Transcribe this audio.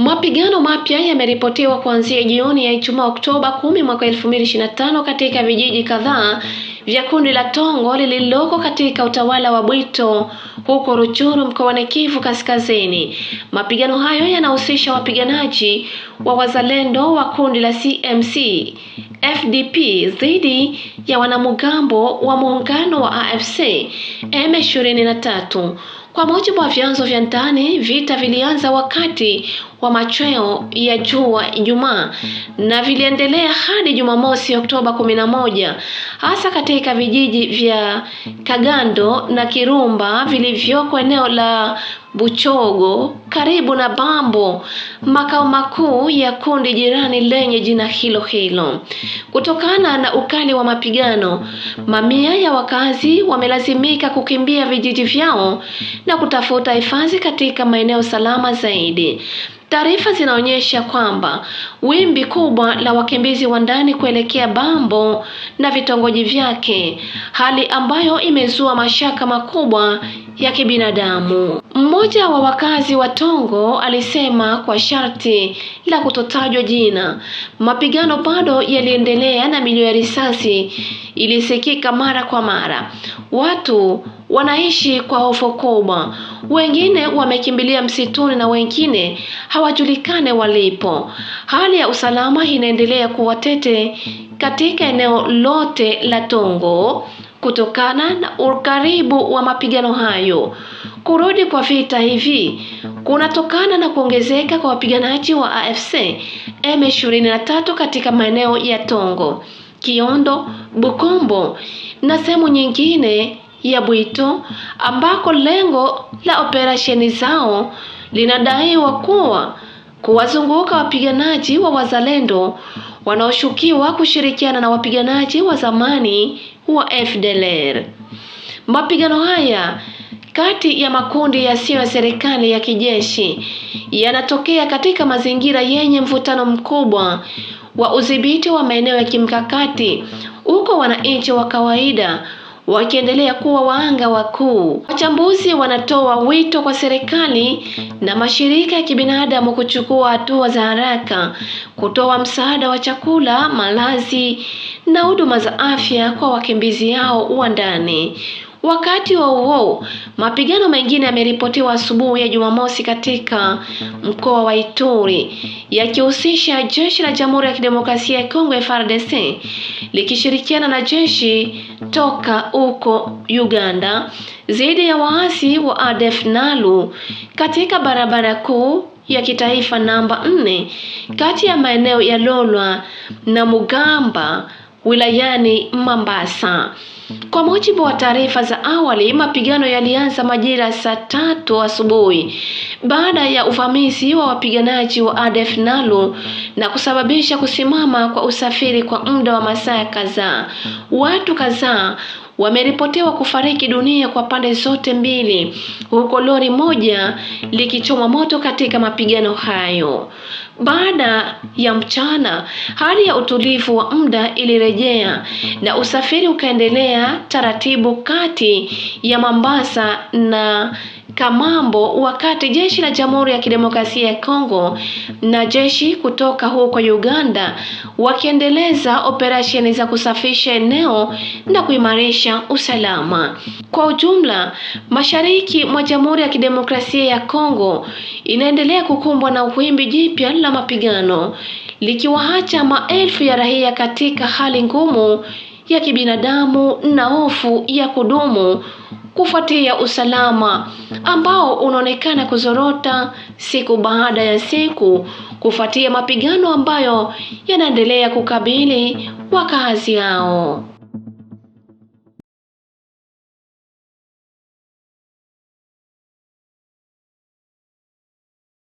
Mapigano mapya yameripotiwa kuanzia jioni ya Ijumaa Oktoba 10 mwaka 2025 katika vijiji kadhaa vya kundi la Tongo lililoko katika utawala wa Bwito huko Ruchuru mkoani Kivu Kaskazini. Mapigano hayo yanahusisha wapiganaji wa wazalendo wa kundi la CMC FDP dhidi ya wanamgambo wa muungano wa AFC M23. Kwa mujibu wa vyanzo vya ndani, vita vilianza wakati wa machweo ya jua Ijumaa na viliendelea hadi Jumamosi Oktoba 11, hasa katika vijiji vya Kagando na Kirumba vilivyoko eneo la Buchogo karibu na Bambo, makao makuu ya kundi jirani lenye jina hilo hilo. Kutokana na ukali wa mapigano, mamia ya wakazi wamelazimika kukimbia vijiji vyao na kutafuta hifadhi katika maeneo salama zaidi. Taarifa zinaonyesha kwamba wimbi kubwa la wakimbizi wa ndani kuelekea Bambo na vitongoji vyake, hali ambayo imezua mashaka makubwa ya kibinadamu. Mmoja wa wakazi wa Tongo alisema kwa sharti la kutotajwa jina, mapigano bado yaliendelea na milio ya risasi ilisikika mara kwa mara. Watu wanaishi kwa hofu kubwa. Wengine wamekimbilia msituni na wengine hawajulikane walipo. Hali ya usalama inaendelea kuwa tete katika eneo lote la Tongo kutokana na ukaribu wa mapigano hayo. Kurudi kwa vita hivi kunatokana na kuongezeka kwa wapiganaji wa AFC M23 katika maeneo ya Tongo, Kiondo, Bukombo na sehemu nyingine ya Bwito ambako lengo la operesheni zao linadaiwa kuwa kuwazunguka wapiganaji wa wazalendo wanaoshukiwa kushirikiana na wapiganaji wa zamani wa FDLR. Mapigano haya kati ya makundi yasiyo ya serikali ya kijeshi yanatokea katika mazingira yenye mvutano mkubwa wa udhibiti wa maeneo ya kimkakati huko wananchi wa kawaida wakiendelea kuwa wahanga wakuu. Wachambuzi wanatoa wito kwa serikali na mashirika ya kibinadamu kuchukua hatua za haraka kutoa msaada wa chakula, malazi na huduma za afya kwa wakimbizi hao wa ndani. Wakati wa huo mapigano mengine yameripotiwa asubuhi ya Jumamosi katika mkoa wa Ituri yakihusisha jeshi la Jamhuri ya Kidemokrasia ya Kongo FARDC likishirikiana na jeshi toka huko Uganda zaidi ya waasi wa ADF Nalu katika barabara kuu ya kitaifa namba nne kati ya maeneo ya Lolwa na Mugamba wilayani mambasa Kwa mujibu wa taarifa za awali, mapigano yalianza majira saa tatu asubuhi baada ya uvamizi wa wapiganaji wa ADF Nalu na kusababisha kusimama kwa usafiri kwa muda wa masaa kadhaa. Watu kadhaa wameripotewa kufariki dunia kwa pande zote mbili, huko lori moja likichomwa moto katika mapigano hayo. Baada ya mchana, hali ya utulivu wa muda ilirejea na usafiri ukaendelea taratibu kati ya Mombasa na katika mambo wakati jeshi la Jamhuri ya Kidemokrasia ya Kongo na jeshi kutoka huko Uganda wakiendeleza operesheni za kusafisha eneo na kuimarisha usalama. Kwa ujumla, mashariki mwa Jamhuri ya Kidemokrasia ya Kongo inaendelea kukumbwa na wimbi jipya la mapigano likiwaacha maelfu ya raia katika hali ngumu ya kibinadamu na hofu ya kudumu kufuatia usalama ambao unaonekana kuzorota siku baada ya siku kufuatia mapigano ambayo yanaendelea kukabili wakazi hao.